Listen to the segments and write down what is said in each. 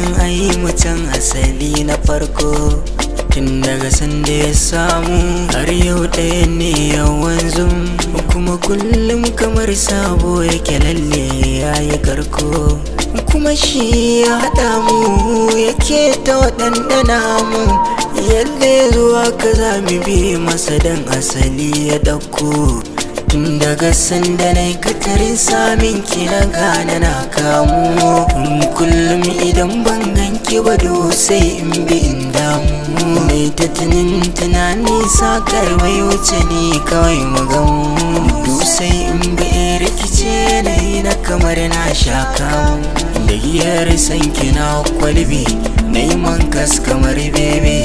san ai mutan asali na farko tun daga sanda ya samu har yau ɗaya ne yawan zum kuma kullum kamar sabo yake lalle ya yi garko kuma shi ya haɗa mu yake ta waɗanɗana mu yadda zuwa ka za mu bi masa dan asali ya ɗauko tun daga sanda na katarin samin ki na gane na kamu kullum idan ban ganki ba sai in bi in damu mai ta tunin tunani sakar wai wuce ne kawai mu gamu in bi in rikice yi na kamar na sha kamu da giyar san kina kwalbi na yi man kas kamar bebe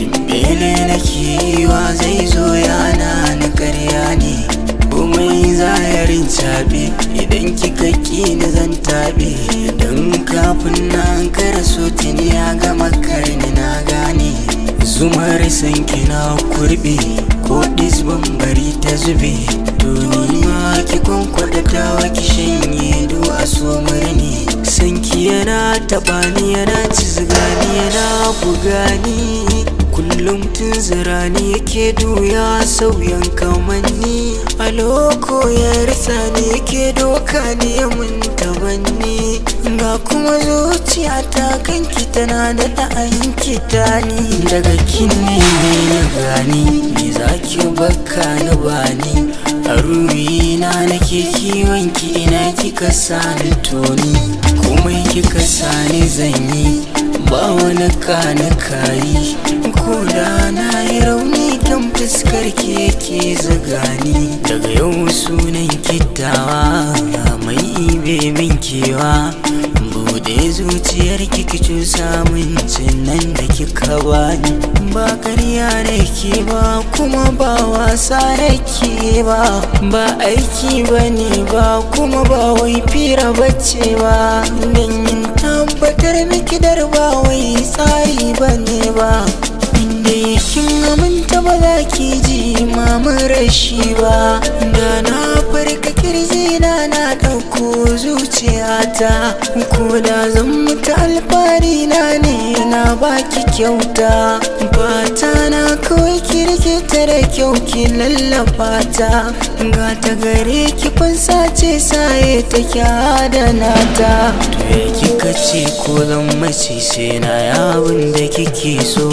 dimbele na kiwa zai zo zahirin caɓe idan kika ki ni zan taɓe don kafin na kara sotin ya gama karni na gane zumar sanki na kurbe ko disban bari ta zube ma ki kwankwada wa ki shanye du a so murni sanki yana ni yana cizgani yana bugani kullum tun zirani yake duya sauyan kamanni a loko ya risa ne yake doka ne ya tabanni ga kuma zuciya ta kanki tana da ta'ayin tani. daga kinne ne na gani me zaki baka na bani a na nake kiwon ki ina kika sani toni komai kika sani zanyi ba wani ka na kayi koda na yi rauni kan fuskar keke zagani daga yau sunan kittawa mai ibe min kewa bude zuciyar kikicin samun cinnan nan da kika bani ba karya nake ba kuma ba wasa nake ba ba aiki bane ba kuma ba wai fira bace ba don yin tabbatar miki dar ba wai tsari bane ba ba za ki ji mamun rashi ba da na farka kirji na ɗauko zuciyata ko da zan mutu alfari na ne na baki kyauta fata na kawai kirkita da kyau ki lallaba ta ga ta gare ki fansa ce saye take adana ta kika ce ko zan mace sai na yawon da kike so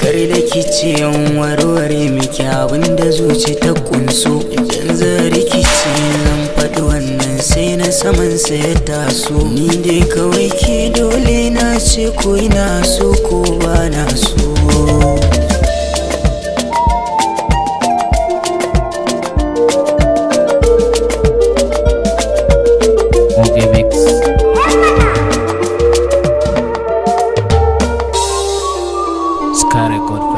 kar da kice yan warware miki abin da zuci ta kunso idan zari rikici zan faɗi wannan sai na saman sa ya taso ni dai kawai ke dole na ce ko ina so ko ba na so Narcotic